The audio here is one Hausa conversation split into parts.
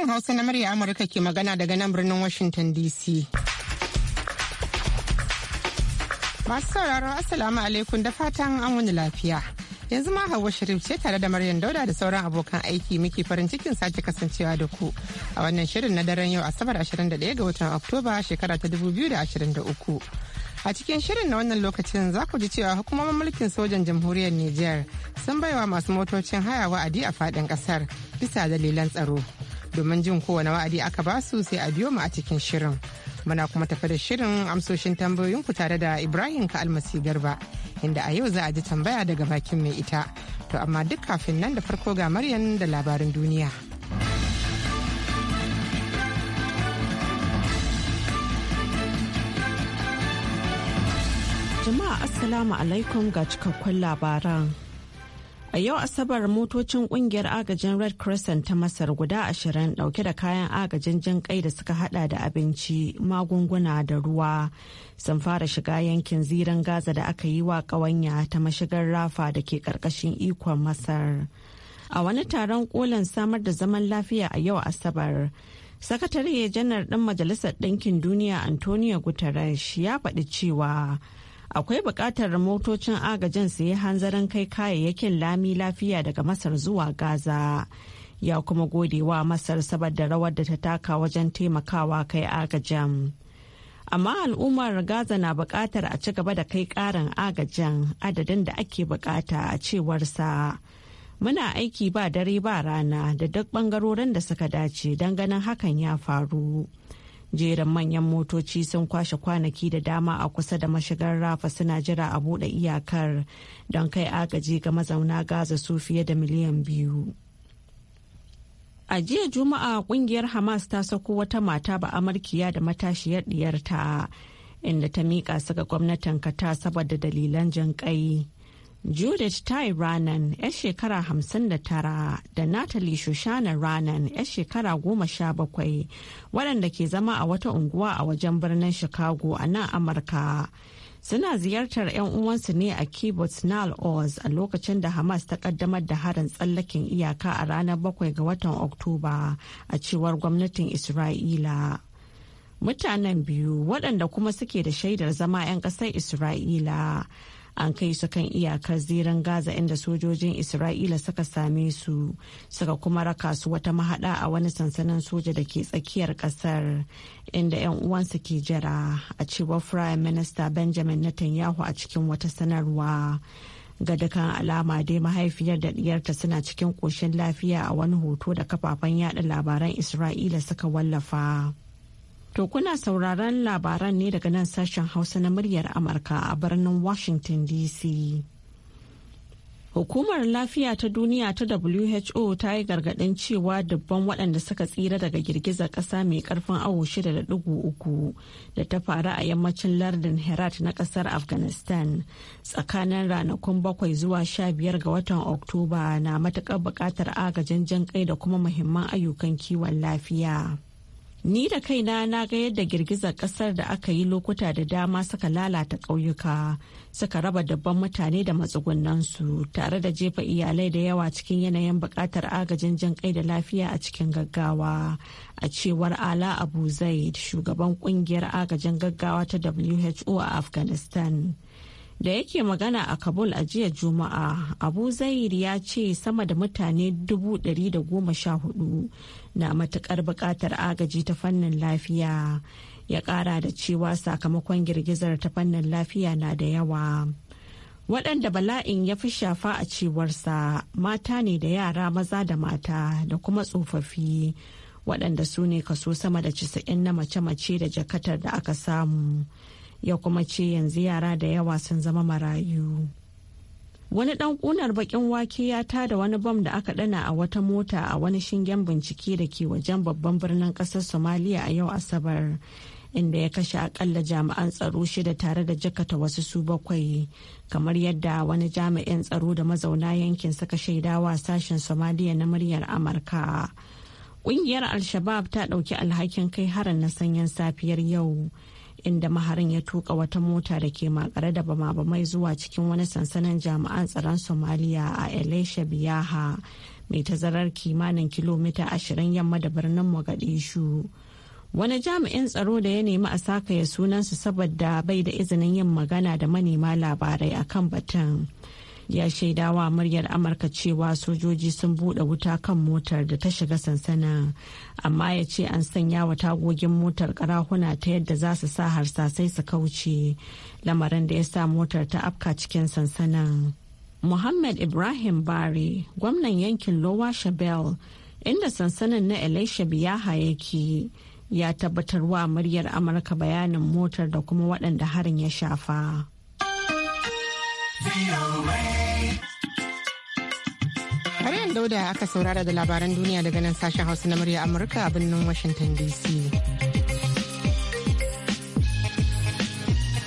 Shirin Hausa na murya Amurka ke magana daga nan birnin Washington DC. Masu sauraro asalamu alaikum da fatan an wani lafiya. Yanzu ma Hauwa Sharif ce tare da Maryam Dauda da sauran abokan aiki muke farin cikin sake kasancewa da ku a wannan shirin na daren yau Asabar 21 ga watan Oktoba shekara ta 2023. A cikin shirin na wannan lokacin za ku ji cewa hukumomin mulkin sojan jamhuriyar Nijar sun baiwa masu motocin haya wa'adi a faɗin ƙasar bisa dalilan tsaro. domin jin kowane wa'adi aka ba su sai a biyo mu a cikin shirin muna kuma tafi da shirin amsoshin tambayoyinku tare da ibrahim ka almasi garba inda a yau za a ji tambaya daga bakin mai ita to amma duk kafin nan da farko ga maryan da labarin duniya jama'a assalamu alaikum ga cikakkun labaran A yau Asabar motocin kungiyar agajin Red Crescent ta Masar guda ashirin dauke da kayan agajin jin kai da suka hada da abinci, magunguna da ruwa sun fara shiga yankin ziran Gaza da aka yi wa kawanya ta mashigar rafa da ke karkashin ikon Masar. A wani taron kolin samar da zaman lafiya a yau Asabar. Sakatare janar ɗin Majalisar Ɗinkin Duniya Antonio Guterres ya faɗi cewa akwai buƙatar motocin agajin su yi hanzarin kai kayayyakin lami lafiya daga masar zuwa gaza ya kuma gode wa masar saboda rawar da ta taka wajen taimakawa kai agajin amma al'ummar gaza na buƙatar a ci gaba da kai ƙarin agajin adadin da ake buƙata a cewarsa muna aiki ba dare ba rana da duk ɓangarorin da suka dace don ganin hakan ya faru. jeren manyan motoci sun kwashe kwanaki da dama a kusa da mashigar rafa suna jira a buɗe iyakar don kai agaji ga mazauna gaza su fiye da miliyan biyu a jiya juma'a kungiyar hamas ta sako wata mata ba amurkiya da matashiyar diyarta inda ta miƙa su ga gwamnatin kata saboda dalilan jinƙai Judith Tai Ranan, 'yar shekara hamsin da tara da Natalie Shoshana Ranan, 'yar shekara goma sha bakwai waɗanda ke zama a wata unguwa a wajen birnin Chicago a nan Amurka. Suna ziyartar 'yan uwansu ne a Kibbutz Nal Oz a lokacin da Hamas ta kaddamar da harin tsallaken iyaka a ranar bakwai ga watan Oktoba a cewar gwamnatin Isra'ila. Mutanen biyu waɗanda kuma suke da shaidar zama 'yan ƙasar Isra'ila. an kai su kan iyakar ziran gaza inda sojojin isra'ila suka same su suka kuma raka su wata mahada a wani sansanin soja da ke tsakiyar kasar inda 'yan uwansu ke jira a cewar prime minister benjamin netanyahu a cikin wata sanarwa ga dukkan alama dai mahaifiyar da diyarta suna cikin koshin lafiya a wani hoto da kafafen yada labaran isra'ila suka wallafa. To kuna sauraron labaran ne daga nan sashen Hausa na muryar Amurka a birnin Washington DC. Hukumar lafiya ta duniya ta WHO ta yi gargaɗin cewa dubban waɗanda suka tsira daga girgizar ƙasa mai ƙarfin awo 6.3 da ta faru a yammacin lardin Herat na ƙasar Afghanistan tsakanin ranakun bakwai zuwa sha biyar ga watan Oktoba na matuƙar buƙatar agajin jan kai da kuma muhimman ayyukan kiwon lafiya. Ni da kaina na ga yadda girgizar kasar da aka yi lokuta da dama suka lalata ƙauyuka, suka raba dabban mutane da matsugunansu tare da jefa iyalai da yawa cikin yanayin buƙatar agajin jin kai da lafiya a cikin gaggawa. A cewar Ala Abu Zaid, shugaban kungiyar agajin gaggawa ta WHO a Afghanistan. da yake magana a kabul a jiya juma'a abu zairi ya ce sama da mutane 114 na matukar bukatar agaji ta fannin lafiya ya kara da cewa sakamakon girgizar ta fannin lafiya na da yawa waɗanda bala'in ya fi shafa a cewarsa mata ne da yara maza da mata da kuma tsofaffi waɗanda su ne kaso sama da 90 na mace-mace da jakatar da aka samu. ya kuma ce yanzu yara da yawa sun zama marayu. Wani ɗan ƙunar baƙin wake ya tada wani bom da aka ɗana a wata mota a wani shingen bincike da ke wajen babban birnin ƙasar somalia a yau Asabar, inda ya kashe akalla jami'an tsaro shida tare da jakata wasu su bakwai, kamar yadda wani jami'in tsaro da mazauna yankin suka shaidawa sashen somalia na muryar Amurka. Ƙungiyar al shabab ta ɗauki alhakin kai harin na sanyin safiyar yau. inda maharin ya tuka wata mota da ke makare da bama-bamai zuwa cikin wani sansanin jami'an tsaron somaliya a elisha biyaha mai tazarar kimanin kilomita 20 yamma da birnin mogadishu wani jami'in tsaro da ya nemi a saka ya sunansu saboda bai da izinin yin magana da manema labarai akan batun ya shaidawa muryar amurka cewa sojoji sun buɗe wuta kan motar da ta shiga sansanin amma ya ce an sanya wa tagogin motar karahuna ta yadda za su sa harsasai su kauce lamarin da ya sa motar ta afka cikin sansanin muhammad ibrahim bari gwamnan yankin lowa shabel inda sansanin na elisha biyaha yake ya tabbatar wa muryar amurka bayanin motar da kuma waɗanda harin ya shafa. Maryam Dauda aka saurara da labaran duniya daga nan sashen Hausa na murya Amurka a birnin Washington DC.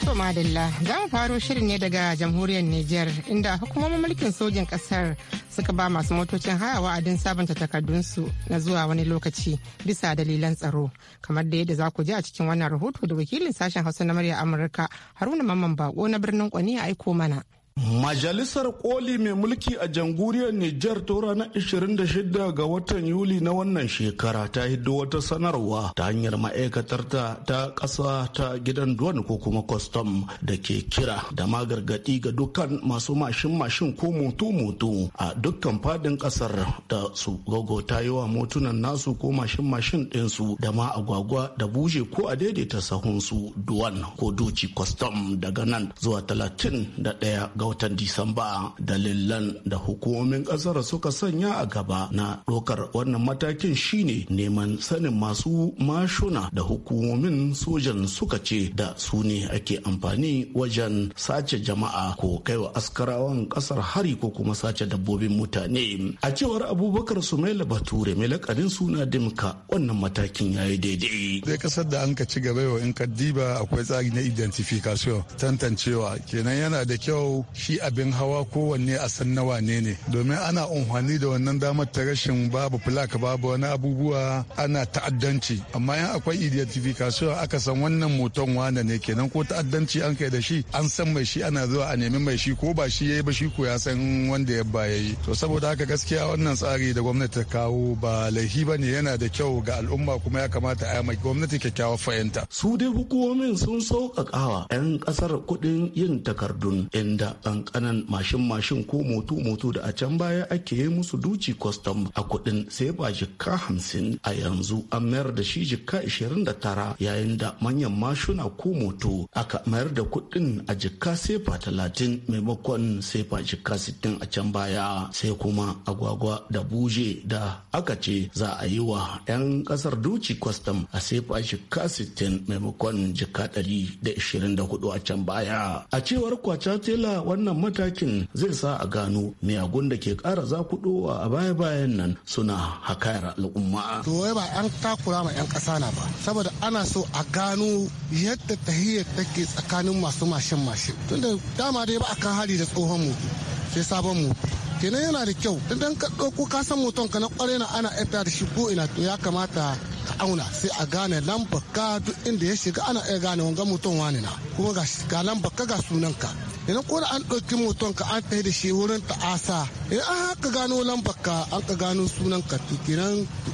To madalla za mu faro shirin ne daga jamhuriyar Nijar inda hukumomin mulkin sojin kasar suka ba masu motocin haya wa'adin sabunta takardunsu na zuwa wani lokaci bisa dalilan tsaro kamar da yadda za ku ji a cikin wannan rahoto da wakilin sashen Hausa na murya Amurka Haruna Mamman Bako na birnin Kwani ya aiko mana. Majalisar Koli mai mulki a jamhuriyar Nijar ta ranar 26 ga watan Yuli na wannan shekara ta hiddo wata sanarwa ta hanyar ma'aikatar ta ƙasa ta gidan duwan ko kuma kwastam da ke kira da magargadi ga dukkan masu mashin mashin ko mutu-mutu. a dukkan fadin ƙasar da su gogo ta yi wa motunan nasu ko mashin mashin ɗinsu da ma agwagwa da buje ko a daidaita sahunsu duwan ko duci kwastam daga nan zuwa 31 ga ga watan Disamba dalilan da hukumomin kasar suka sanya a gaba na dokar wannan matakin shine neman sanin masu mashuna da hukumomin sojan suka ce da su ne ake amfani wajen sace jama'a ko kaiwa askarawan kasar hari ko kuma sace dabbobin mutane a cewar abubakar sumaila bature mai lakarin suna dimka wannan matakin ya yi daidai zai kasar da an ka ci gaba yau in ka diba akwai tsari na identification tantancewa kenan yana da kyau shi abin hawa kowanne a san nawa ne ne domin ana umfani da wannan damar ta rashin babu plaka babu wani abubuwa ana ta'addanci amma yan akwai identification aka san wannan moton wane ne kenan ko ta'addanci an kai da shi an san mai shi ana zuwa a nemi mai shi ko ba shi yayi ba shi ko ya san wanda ya baya yi to saboda haka gaskiya wannan tsari da gwamnati ta kawo ba laifi ba ne yana da kyau ga al'umma kuma ya kamata a yi gwamnati kyakkyawar fahimta su dai hukumomin sun sauƙaƙawa 'yan ƙasar kuɗin yin takardun inda kankanan mashin-mashin ko moto-moto da a can baya ake yi musu duci kwastam a kuɗin sai ba jikka hamsin a yanzu an mayar da shi jikka ishirin da tara yayin da manyan mashuna ko moto aka mayar da kuɗin a jikka sefa talatin maimakon sefa jikka sittin a can baya sai kuma agwagwa da buje da aka ce za a yi wa 'yan kasar duci kwastam a sefa jikka sittin maimakon jikka ɗari da ishirin da hudu a can baya a cewar kwacha tela wannan matakin zai sa a gano miyagun da ke ƙara zakudowa a baya-bayan nan suna hakayar al'umma. To ba an takura ma 'yan ƙasa na ba, saboda ana so a gano yadda tahiyyar take tsakanin masu mashin mashin. Tunda dama dai ba a kan hari da tsohon mu sai sabon mu. kenan yana da kyau idan ka ɗauko ka san mutum ka na ƙware na ana aita da shi ko ina to ya kamata ka auna sai a gane lambar ka duk inda ya shiga ana iya gane wanga mutum wani na kuma ga lambar ka ga sunan ka idan ko an ɗauki moton ka an tsaye da shi wurin asa idan an haka gano lambar ka an ka gano sunan ka to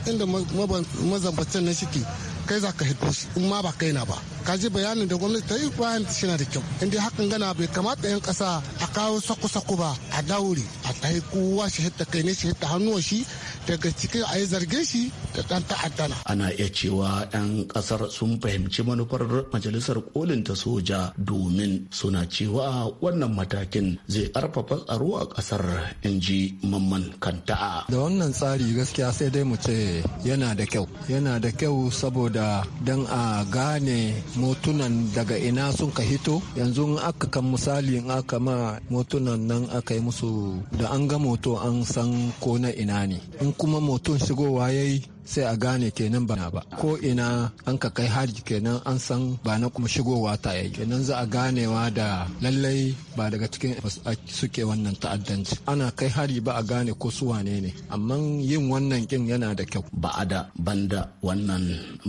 inda mazambacin nan shike kai za ka hito shi in ma ba kai na ba ka ji bayanin da gwamnati ta yi bayan shi na da kyau inda hakan gana bai kamata yan kasa a kawo sako-sako ba a daure a tahi kowa shi kai ne shi hitta shi daga cikin a yi zarge shi da ɗan ta'addana. Ana iya cewa 'yan ƙasar sun fahimci manufar majalisar kolin ta soja domin suna cewa wannan matakin zai ƙarfafa tsaro a ƙasar in ji mamman kanta. Da wannan tsari gaskiya sai dai mu ce yana da kyau. Yana da kyau saboda don a gane motunan daga ina sun ka hito yanzu aka kan misali in aka ma motunan nan aka yi musu da an ga moto an san ko na ina ne. Kumamoto chegou aí sai a gane kenan ba na ba ko ina an ka kai hari kenan an san ba na kuma shigowa ta yayi kenan za a ganewa da lallai ba daga cikin suke wannan ta'addanci ana kai hari ba a gane ko su wane ne amma yin wannan kin yana da kyau ba a da banda wannan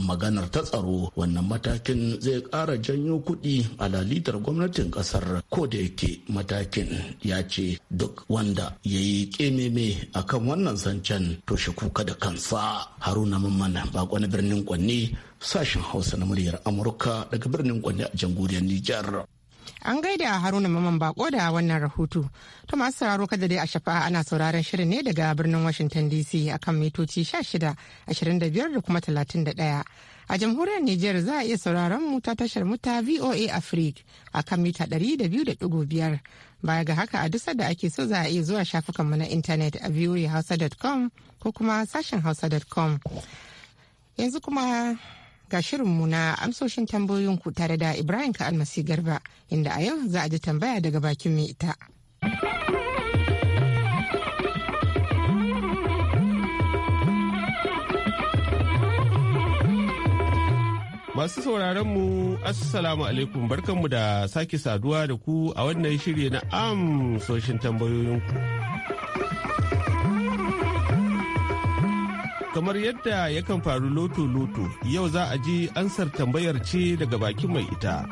maganar ta tsaro wannan matakin zai kara janyo kuɗi a lalitar gwamnatin ƙasar ko da yake matakin ya ce duk wanda ya yi ƙememe akan wannan zancen to shi kuka da kansa haruna mamman bako na birnin kwanne sashen hausa na muryar amurka daga birnin kwanne a jamhuriyar nijar An gaida Haruna Maman Bako da wannan rahoto. Ta masu sauraro kada dai a shafa ana sauraron shirin ne daga birnin Washington DC akan mitoci 16, da kuma 31. A jamhuriyar Nijar za a iya sauraron mu ta tashar muta VOA Africa akan mita 200.5. Baya ga haka a dusar da ake so za a iya zuwa shafukanmu na intanet a voahausa.com ko kuma sashen hausa.com. Yanzu kuma ga shirinmu na amsoshin tambayoyinku tare da Ibrahim ka almasi garba inda a yau za a ji tambaya daga bakin mai ita. Masu sauraronmu Assalamu alaikum barkanmu da sake saduwa da ku a wannan shiri na amsoshin tambayoyinku. kamar yadda yakan faru loto-loto yau za a ji ansar tambayar ce daga bakin mai ita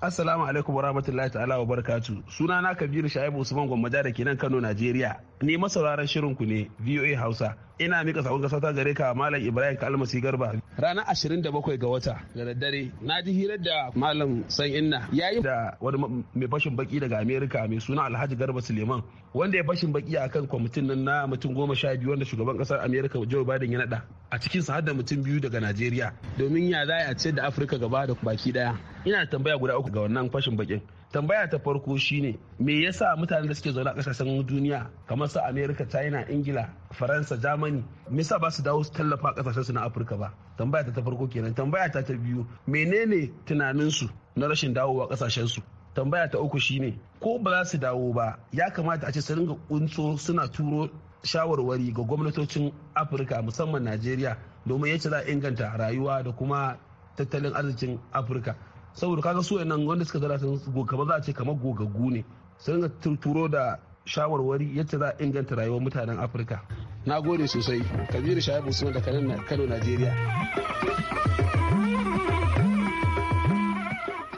Assalamu alaikum wa rahmatullahi ta'ala wa barakatu. Suna na Kabiru Shaibu Usman gwamnati da ke nan Kano, Najeriya. ne masauraran shirin ku ne VOA Hausa. ina mika sakon kasa ta gare ka malam ibrahim kalmasi garba ranar ashirin bakwai ga wata da daddare na ji hirar da malam san inna yayi da wani mai fashin baki daga Amerika mai suna alhaji garba suleiman wanda ya fashin baki a kan kwamitin nan na mutum goma sha biyu wanda shugaban kasar Amerika joe biden ya nada a cikin sa da mutum biyu daga najeriya domin ya za a ce da afirka gaba da baki daya ina tambaya guda uku ga wannan fashin bakin tambaya ta farko shine me yasa mutanen da suke zaune a kasashen duniya kamar su america china ingila faransa germany me yasa ba su dawo su tallafa a kasashen su na afirka ba tambaya ta farko kenan tambaya ta ta biyu menene tunanin su na rashin dawowa kasashen su tambaya ta uku shine ko ba za su dawo ba ya kamata a ce su ringa kunso suna turo shawarwari ga gwamnatocin afirka musamman najeriya domin yace za a inganta rayuwa da kuma tattalin arzikin afirka saboda kaga su nan wanda suka zara sun gogaba za a ce kamar gogaggu ne sun turo da shawarwari yadda za a inganta rayuwar mutanen afirka na gode sosai kabiru shayar usman da kano nigeria.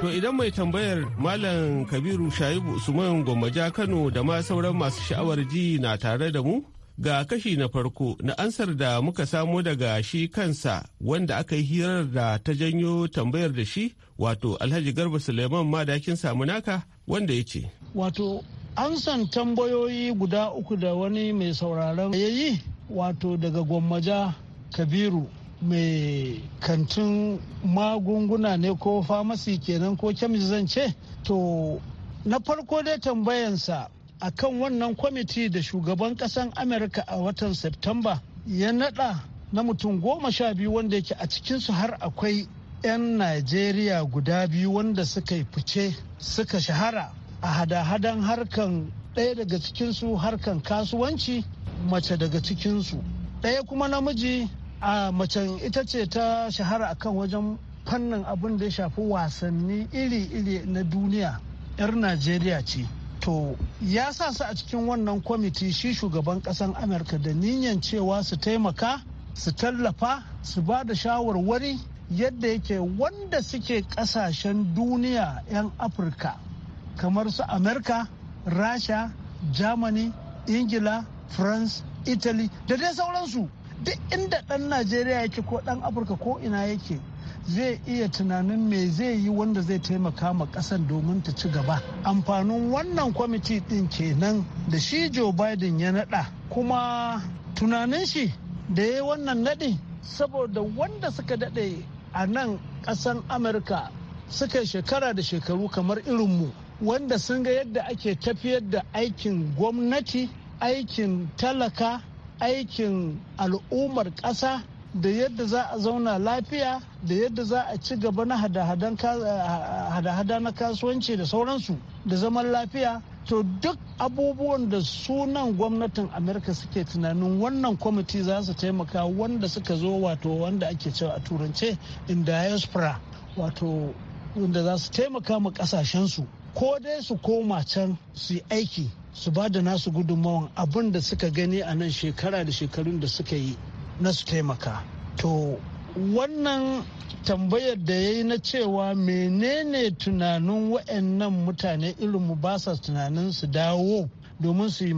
To idan mai tambayar Malam Kabiru Shaibu Usman Gwammaja Kano da ma sauran masu sha'awar ji na tare da mu, ga kashi na farko na ansar da muka samo daga shi kansa wanda aka yi hirar da ta janyo tambayar da shi wato alhaji garba suleiman madakin samu naka wanda ya ce wato ansan tambayoyi guda uku da wani mai sauraron ya yi wato daga gwammaja kabiru mai kantin magunguna ne ko famasi kenan ko kyamizance zan to na farko dai tambayansa akan wannan kwamiti da shugaban kasan amurka a watan september ya nada na mutum goma sha biyu wanda yake a cikinsu har akwai 'yan najeriya guda biyu wanda suka yi fice suka shahara a hada-hadan harkan ɗaya daga cikinsu harkan kasuwanci mace daga cikinsu ɗaya kuma namiji a mace ita ce ta shahara akan wajen fannin abin da ya shafi wasanni iri-iri na duniya 'yar najeriya ce to ya sa su a cikin wannan kwamiti shi shugaban kasan amurka da niyan cewa su taimaka su tallafa su ba da shawarwari yadda yake wanda suke kasashen duniya 'yan afirka kamar su amurka rasha germany ingila france italy da dai sauransu duk inda dan najeriya yake ko dan afirka ko ina yake zai iya tunanin me zai yi wanda zai taimaka ma kasan domin ta ci gaba amfanin wannan kwamiti ɗin kenan da shi joe biden ya naɗa kuma tunanin shi da ya wannan naɗi saboda wanda suka daɗe a nan kasan amurka suka shekara da shekaru kamar irin mu. wanda sun ga yadda ake tafiyar da aikin gwamnati aikin talaka aikin al'ummar ƙasa da yadda za a zauna lafiya da yadda za a ci gaba na hada-hada na kasuwanci da sauransu da zaman lafiya to duk abubuwan da sunan gwamnatin amurka suke tunanin wannan kwamiti za su taimaka wanda suka zo wato wanda ake cewa a turance in diaspora wato wanda za su taimaka ma kasashensu ko dai su koma can su yi aiki su ba da nasu gudunmawan abin da suka gani a nan shekara da shekarun da suka yi na su taimaka to wannan tambayar da ya yi na cewa menene tunanin wa'annan mutane mu ba sa tunanin su dawo domin su yi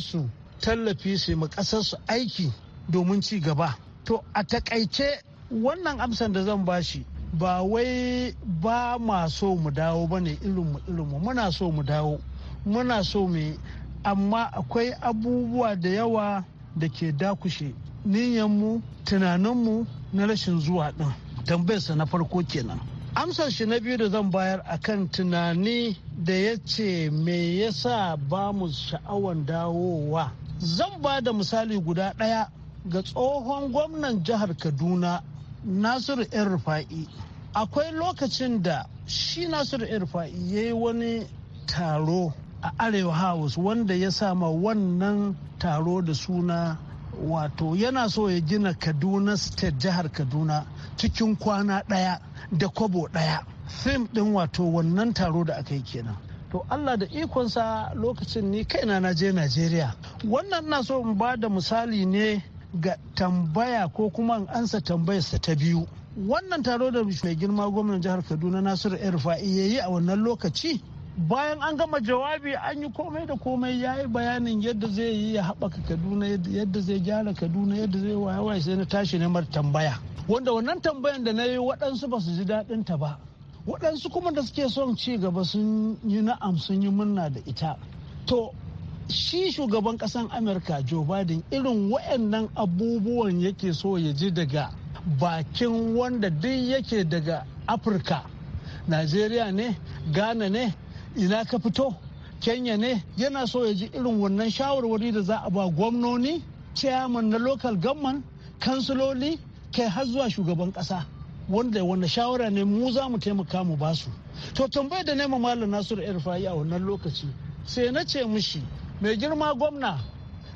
su tallafi su yi su aiki domin ci gaba to a takaice wannan amsan da zan bashi ba wai ba ma so mu dawo ba ne ilimu ilimu muna so mu dawo muna so mu amma akwai abubuwa da yawa da ke dakushe niyanmu tunaninmu na rashin zuwa ɗin tambayarsa na farko kenan amsar shi na biyu da zan bayar a kan tunani da ya ce me yasa ba mu sha'awan dawowa zan ba da misali guda ɗaya ga tsohon gwamnan jihar kaduna nasiru irfa'i akwai lokacin da shi nasiru irfa'i rufa'i ya yi wani taro a arewa house wanda ya sama wannan taro da suna wato yana so ya gina kaduna state jihar kaduna cikin kwana ɗaya da kwabo ɗaya fim ɗin wato wannan taro da aka yi kenan to allah da ikonsa lokacin ni kaina na je najeriya wannan na so in ba da misali ne ga tambaya ko kuma in ansa tambayarsa ta biyu wannan taro da mai girma gwamnan jihar kaduna nasiru el ya yi a wannan lokaci bayan an gama jawabi an yi komai da komai ya yi bayanin yadda zai yi ya haɓaka kaduna yadda zai gyara kaduna yadda zai waye sai na tashi na mar tambaya wanda wannan tambayan da na yi waɗansu ba su ji daɗin ta ba waɗansu kuma da suke son ci gaba sun yi na'am sun yi murna da ita to shi shugaban ƙasan amurka joe biden irin wayannan abubuwan yake so ya ji daga bakin wanda duk yake daga afirka najeriya ne ghana ne ina ka fito kenya ne yana so ya ji irin wannan shawarwari da za a ba gwamnoni chairman na local government kansiloli kai har zuwa shugaban kasa wanda wanda shawara ne mu za mu taimaka mu ba su. to tambayar da nema malam nasiru irfa'i a wannan lokaci sai na ce mishi mai girma gwamna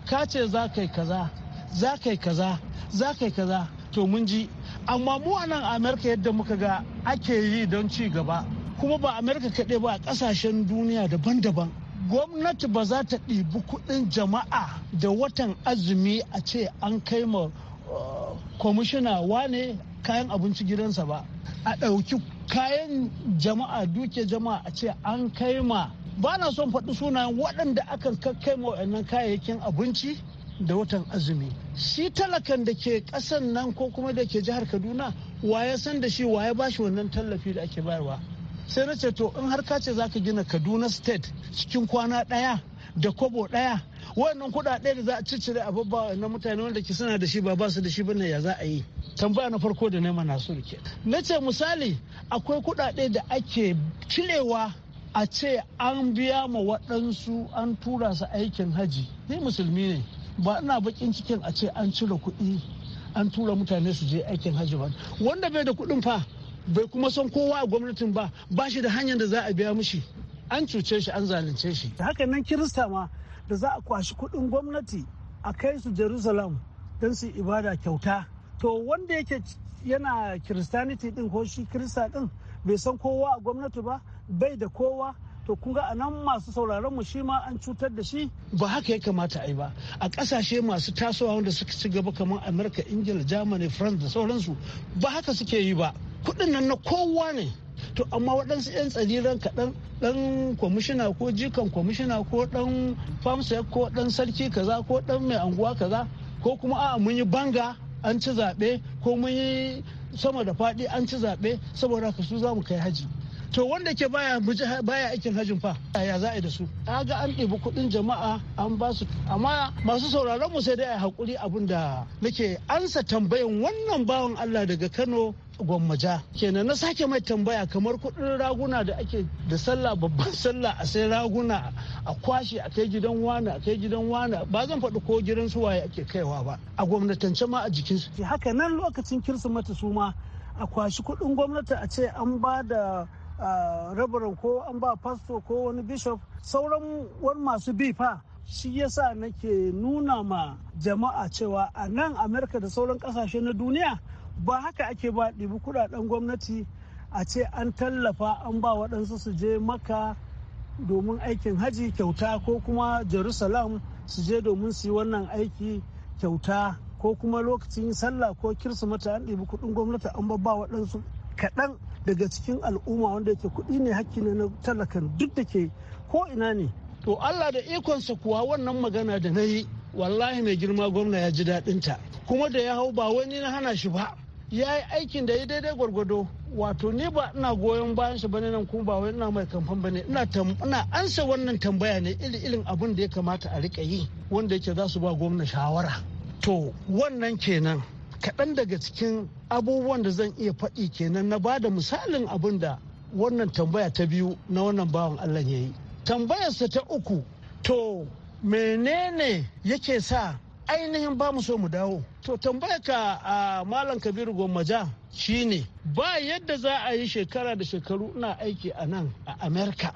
ka ce za kai kaza za kai kaza za kai kaza to mun ji amma mu a nan amurka yadda muka ga ake yi don ci gaba kuma ba amerika kaɗai ba a ƙasashen duniya daban-daban gwamnati ba za ta ɗibi kuɗin jama'a da watan azumi a ce an kai ma uh, kwamishina wane kayan abinci gidansa ba a ɗauki kayan jama'a duke jama'a a ce an kai ma ba na son faɗi sunayen waɗanda aka kai ma waɗannan kayayyakin abinci da watan azumi shi talakan da ke ƙasan nan ko kuma da ke jihar kaduna waye san da shi wa ya bashi wannan tallafi da ake bayarwa sai na ce to in har ka ce za ka gina kaduna state cikin kwana daya da kobo ɗaya wannan kuɗaɗe da za a cicire a babba na mutane wanda ke suna da shi ba basu su da shi bane ya za a yi tambaya na farko da nema na so na ce misali akwai kuɗaɗe da ake cirewa a ce an biya ma waɗansu an tura su aikin haji ni musulmi ne ba ina bakin cikin a ce an cire kuɗi an tura mutane su je aikin haji ba wanda bai da kuɗin fa bai kuma son kowa a gwamnatin ba ba shi da hanyar da za a biya mushi an cuce shi an zalunce shi da haka nan kirista ma da za a kwashi kudin gwamnati a kai su jerusalem don su ibada kyauta to wanda yake yana kiristaniti din ko shi kirista din bai san kowa a gwamnati ba bai da kowa to kuga a nan masu sauraron mu shi ma an cutar da shi ba haka ya kamata a yi ba a kasashe masu tasowa wanda suka ci gaba kamar amerika ingila germany france da sauransu ba haka suke yi ba kuɗin nan na kowa ne to amma waɗansu 'yan tsariran kaɗan ɗan kwamishina ko jikan kwamishina ko ɗan famsa ko ɗan sarki kaza ko ɗan mai anguwa kaza ko kuma a'a mun yi banga an ci zaɓe ko mun yi sama da faɗi an ci zaɓe saboda haka su za mu kai haji to wanda ke baya baya aikin hajjin fa ya za a da su ga an ɗebi kuɗin jama'a an ba su amma masu sauraron mu sai dai a hakuri abin da nake ansa tambayan wannan bawan Allah daga Kano gwammaja kenan na sake mai tambaya kamar kuɗin raguna da ake da sallah babban sallah a sai raguna a kwashe a kai gidan wani a kai gidan wani ba zan faɗi ko gidan su waye ake kaiwa ba a gwamnatance ma a jikin su haka nan lokacin kirsimeti su ma a kwashi kuɗin gwamnati a ce an ba da rabaran ko an ba pastor ko wani bishop sauran wani masu bi fa shi yasa nake nuna ma jama'a cewa a nan amerika da sauran kasashe na duniya ba haka ake ba ɗibi kudaden gwamnati a ce an tallafa an ba waɗansu su je maka domin aikin haji kyauta ko kuma jerusalem su je domin su yi wannan aiki kyauta ko kuma lokacin sallah ko kirsimata an ɗibi kuɗin gwamnati an ba waɗansu kaɗan daga cikin al'umma wanda yake kuɗi ne hakki ne na talakan duk da ke ko ina ne to allah da ikonsa kuwa wannan magana da na yi wallahi mai girma gwamna ya ji daɗinta kuma da ya hau ba wani na hana shi ba ya yi aikin da ya daidai gwargwado wato ni ba ina goyon bayan shi bane nan kuma ba wai ina mai kamfan bane ina ina ansa wannan tambaya ne iri irin abin da ya kamata a rika yi wanda yake za su ba gwamna shawara to wannan kenan kaɗan daga cikin abubuwan da zan iya faɗi kenan na ba da misalin abin da wannan tambaya ta biyu na wannan bawan Allah ya yi. Tambayarsa ta uku, to menene yake sa ainihin ba mu so mu dawo? To tambayarka a Malam Kabiru Gwammaja shi ne, ba yadda za a yi shekara da shekaru ina aiki a nan a Amerika.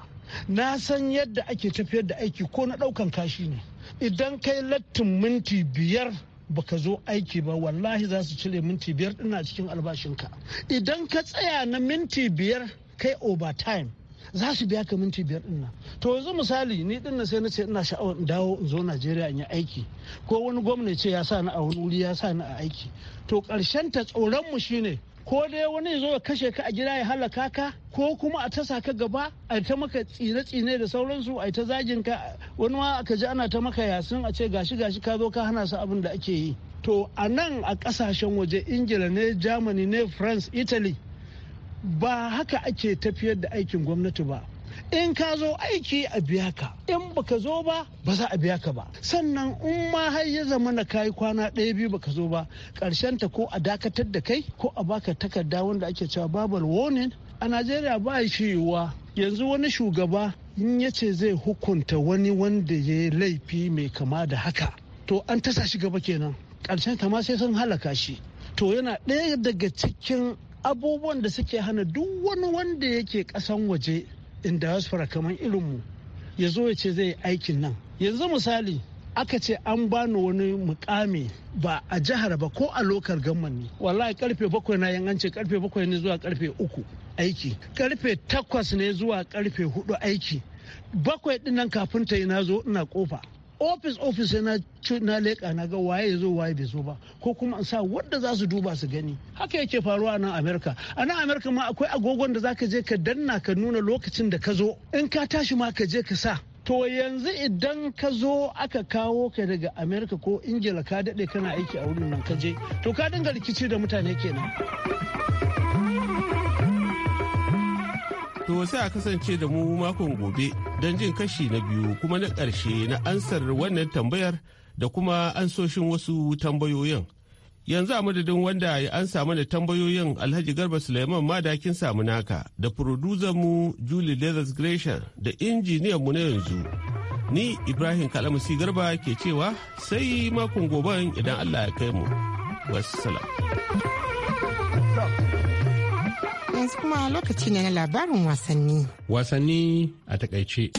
Na san yadda ake tafiyar da aiki ko na ɗaukan kashi ne. Idan kai lattin minti biyar baka zo aiki ba wallahi za su cire minti biyar dina cikin albashinka idan ka tsaya na minti biyar kai overtime za su biya ka minti biyar dina. to yanzu misali ni dina sai na ce ina sha'awar in dawo in zo Najeriya in yi aiki ko wani gwamna ce ya sa ni a wani wuri ya sa ni a aiki to karshen ta tsoron mu shine ko dai wani ya zo ya kashe ka a gida ya halaka ka ko kuma a tasa ka gaba a ta maka tsine-tsine da sauransu a ta zagin ka wani ma aka ji ana ta maka yasin a ce gashi gashi ka zo ka hana su abin da ake yi to a nan a kasashen waje ingila ne germany ne france italy ba haka ake tafiyar da aikin gwamnati ba in ka zo aiki a biya ka in baka zo ba ba za a biya ka ba sannan in ma har ya zama na kayi kwana ɗaya biyu baka zo ba karshen ta ko a dakatar da kai ko a baka takarda wanda ake cewa babal warning a najeriya ba shi yiwuwa yanzu wani shugaba in ya ce zai hukunta wani wanda ya yi laifi mai kama da haka to an tasa shi gaba kenan karshen ta ma sai sun halaka shi to yana ɗaya daga cikin abubuwan da suke hana duk wani wanda yake ƙasan waje in diaspora kamar irinmu ya zo ya ce zai aikin nan yanzu misali aka ce an bani wani mukami ba a jihar ba ko a lokar gamman ne wallahi karfe bakwai na yangance karfe bakwai ne zuwa karfe uku aiki karfe takwas ne zuwa karfe hudu aiki bakwai dinnan kafin ta yi na zo ina kofa ofis ofis sai na leka na ga waye ya zo waye bai zo ba ko kuma an sa wanda za su duba su gani haka yake faruwa a nan amerika a nan amerika ma akwai agogon da zaka je ka danna ka nuna lokacin da ka zo in ka tashi ma ka je ka sa to yanzu idan ka zo aka kawo ka daga amerika ko ingila ka daɗe kana aiki a wurin nan ka je to ka dinga rikici da mutane kenan To sai a kasance da mu makon gobe don jin kashi na biyu kuma na karshe na ansar wannan tambayar da kuma ansoshin wasu tambayoyin. Yanzu a madadin wanda ya an samu da tambayoyin Alhaji Garba Suleiman Madakin samu naka da mu Julie Leathers Gresham da injiniyan mu na yanzu. Ni Ibrahim Kalamusi Garba ke cewa sai makon goben idan Allah ya kai mu. Wassalam. yanzu kuma lokaci ne na labarin wasanni. Wasanni a takaice.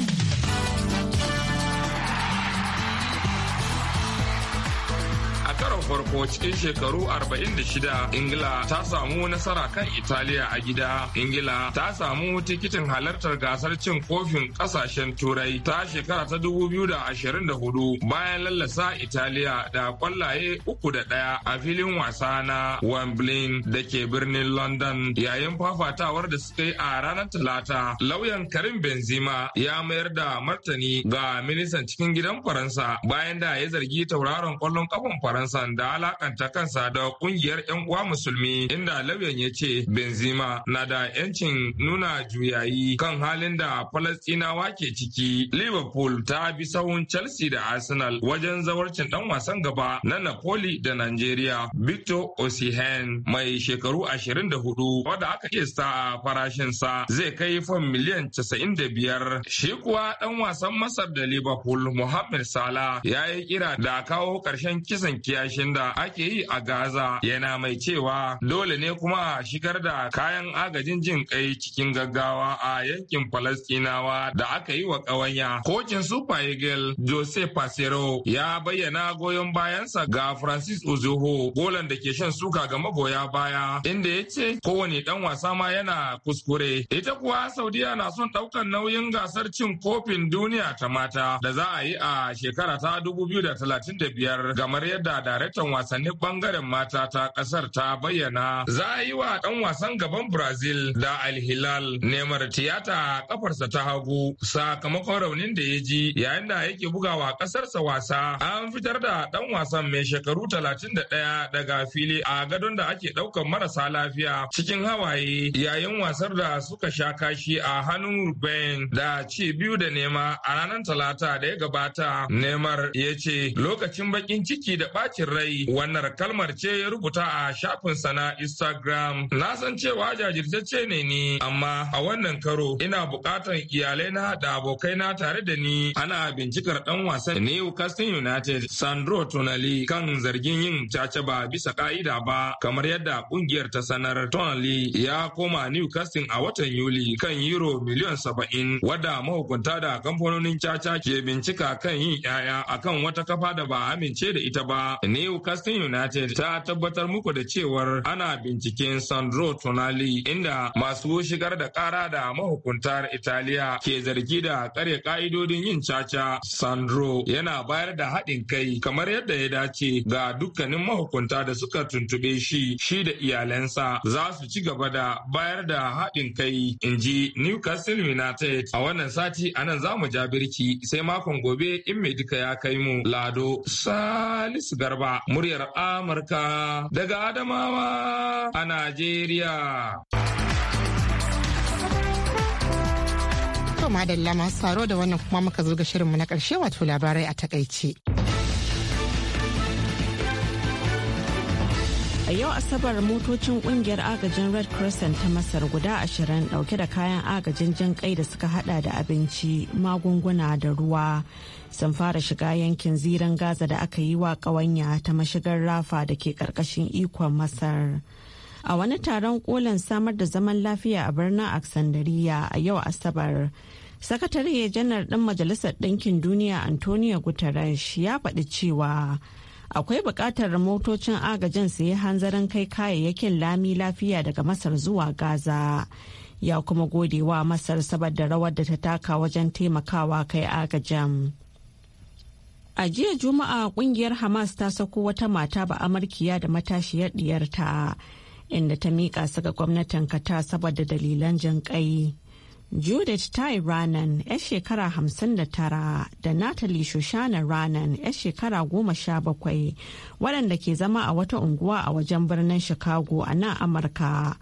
farko cikin shekaru 46 ingila ta samu nasara kan italiya a gida ingila ta samu tikitin halartar gasar cin kofin kasashen turai ta shekara ta 2024 bayan lallasa italiya da kwallaye uku da daya a filin wasa na wembley da ke birnin london yayin fafatawar da suka yi a ranar talata lauyan karim benzema ya mayar da martani ga ministan cikin gidan faransa bayan da ya zargi tauraron kwallon ƙafan faransa da alakanta kansa da kungiyar 'yan uwa musulmi inda lauyan ya ce Benzima na da 'yancin nuna juyayi kan halin da falastinawa ke ciki liverpool ta bi sahun chelsea da arsenal wajen zawarcin dan wasan gaba na napoli da nigeria victor osihen mai shekaru 24 wadda aka iya sa farashinsa zai kai fam miliyan 95 shi kuwa dan wasan masar da liverpool mohamed salah ya yi kira da kawo ƙarshen kisan kiyashin rikicin da ake yi a Gaza yana mai cewa dole ne kuma a shigar da kayan agajin jin kai cikin gaggawa a yankin Falastinawa da aka yi wa ƙawanya. Kocin Super Eagle Jose Pacero ya bayyana goyon bayansa ga Francis Uzoho golan da ke shan suka ga magoya baya inda ya ce kowane ɗan wasa ma yana kuskure. Ita kuwa Saudiya na son ɗaukan nauyin gasar cin kofin duniya ta mata da za a yi a shekara ta 2035 gamar yadda daraktan wasannin bangaren mata ta kasar ta bayyana za a yi wa dan wasan gaban brazil da alhilal neymar tiyata a kafarsa ta hagu sakamakon raunin da ya ji yayin da yake bugawa kasarsa wasa an fitar da dan wasan mai shekaru 31 daga fili a gadon da ake daukar marasa lafiya cikin hawaye yayin wasar da suka sha kashi a hannun ruben da ci biyu da nema a ranar talata da ya gabata neymar ya ce lokacin bakin ciki da bacin rai dai wannan kalmar ce ya rubuta a shafinsa na Instagram. Na san cewa jajirtacce ne ni, amma a wannan karo ina bukatar iyalai na da abokaina tare da ni ana bincikar ɗan wasan Newcastle United Sandro Tonali kan zargin yin caca ba bisa ka'ida ba kamar yadda ƙungiyar ta sanar Tonali ya koma Newcastle a watan Yuli kan euro miliyan saba'in wadda mahukunta da kamfanonin caca ke bincika kan yin yaya akan wata kafa da ba amince da ita ba. Ne Newcastle United ta tabbatar muku da cewar ana binciken Sandro Tonali inda masu shigar da kara da mahukuntar Italiya ke zargi da kare ka'idodin yin caca. Sandro yana bayar da haɗin kai kamar yadda ya dace ga dukkanin mahukunta da suka tuntube shi shi da iyalansa za su ci gaba da bayar da haɗin kai in ji Newcastle United a wannan sati anan nan za mu ja birki sai makon gobe in mai duka ya kai mu Lado Salisu Garba muryar Amurka daga Adamawa a Najeriya. Kuma madalla masu saro da wannan kuma muka zo ga shirinmu na ƙarshe wato labarai a takaice. A yau Asabar motocin kungiyar agajin Red Crescent ta Masar guda ashirin dauke da kayan agajin jan kai da suka hada da abinci, magunguna da ruwa sun fara shiga yankin ziran Gaza da aka yi wa kawanya ta mashigar Rafa da ke karkashin ikon Masar. A wani taron kolin samar da zaman lafiya a birnin Aksandariya a yau Asabar. Sakatare janar ɗin Majalisar Ɗinkin Duniya Antonio Guterres ya faɗi cewa akwai buƙatar motocin agajin su yi hanzarin kai kayayyakin lami lafiya daga masar zuwa gaza ya kuma gode wa masar saboda rawar da ta taka wajen taimakawa kai agajin a jiya juma'a kungiyar hamas ta sako wata mata ba amurkiya da matashiyar diyarta inda ta miƙa su ga gwamnatin kata saboda dalilan jinƙai Judith Tai Ranan, 'yar shekara hamsin da tara da Natalie Shoshana Ranan, 'yar shekara goma sha bakwai waɗanda ke zama a wata unguwa a wajen birnin Chicago a nan Amurka.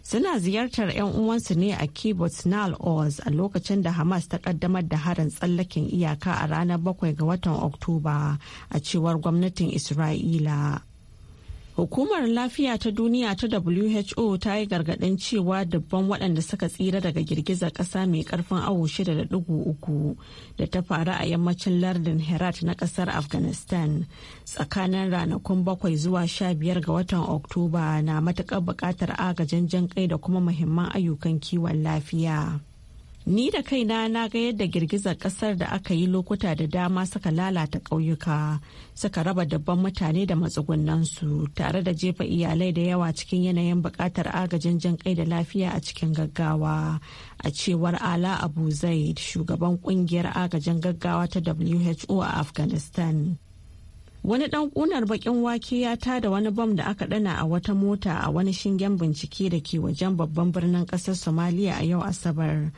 Suna ziyartar 'yan uwansu ne a Kibbutz Nile Oz a lokacin da Hamas ta ƙaddamar da harin tsallaken iyaka a ranar bakwai ga watan Oktoba a cewar gwamnatin Isra'ila. Hukumar Lafiya ta Duniya ta WHO ta yi gargaɗin cewa dubban waɗanda suka tsira daga girgizar ƙasa mai ƙarfin awo shida da uku da ta faru a yammacin lardin Herat na ƙasar Afghanistan tsakanin ranakun bakwai zuwa sha biyar ga watan Oktoba na matuƙar buƙatar agajin jan kai da kuma muhimman ayyukan kiwon lafiya. Ni da kaina na ga yadda girgizar kasar da aka yi lokuta da dama suka lalata ƙauyuka, suka raba dabban mutane da matsugunansu tare da jefa iyalai da yawa cikin yanayin buƙatar agajin jan kai da lafiya a cikin gaggawa. A cewar Ala Abu Zaid, shugaban ƙungiyar agajin gaggawa ta WHO a Afghanistan. wani dan kunar bakin wake ya ta da wani bam da aka dana a wata mota a wani shingen bincike da ke wajen babban birnin kasar somaliya a yau asabar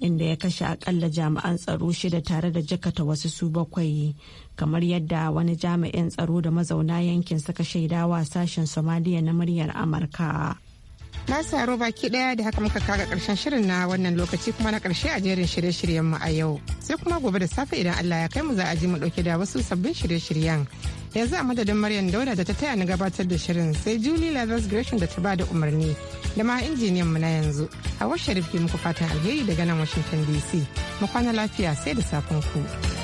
inda ya kashe akalla jami'an tsaro shida tare da jakata wasu su bakwai kamar yadda wani jami'in tsaro da mazauna yankin suka shaidawa sashen somaliya na muryar amurka na saro baki daya da haka muka kaga karshen shirin na wannan lokaci kuma na karshe a jerin shirye-shiryen mu a yau sai kuma gobe da safe idan allah ya kai mu za a ji mu dauke da wasu sabbin shirye-shiryen yanzu a madadin maryan dauda da ta taya ni gabatar da shirin sai julie lazarus gresham da ta ba da umarni da ma injiniyan mu na yanzu a washe rufe muku fatan alheri daga nan washington dc mu kwana lafiya sai da safin ku.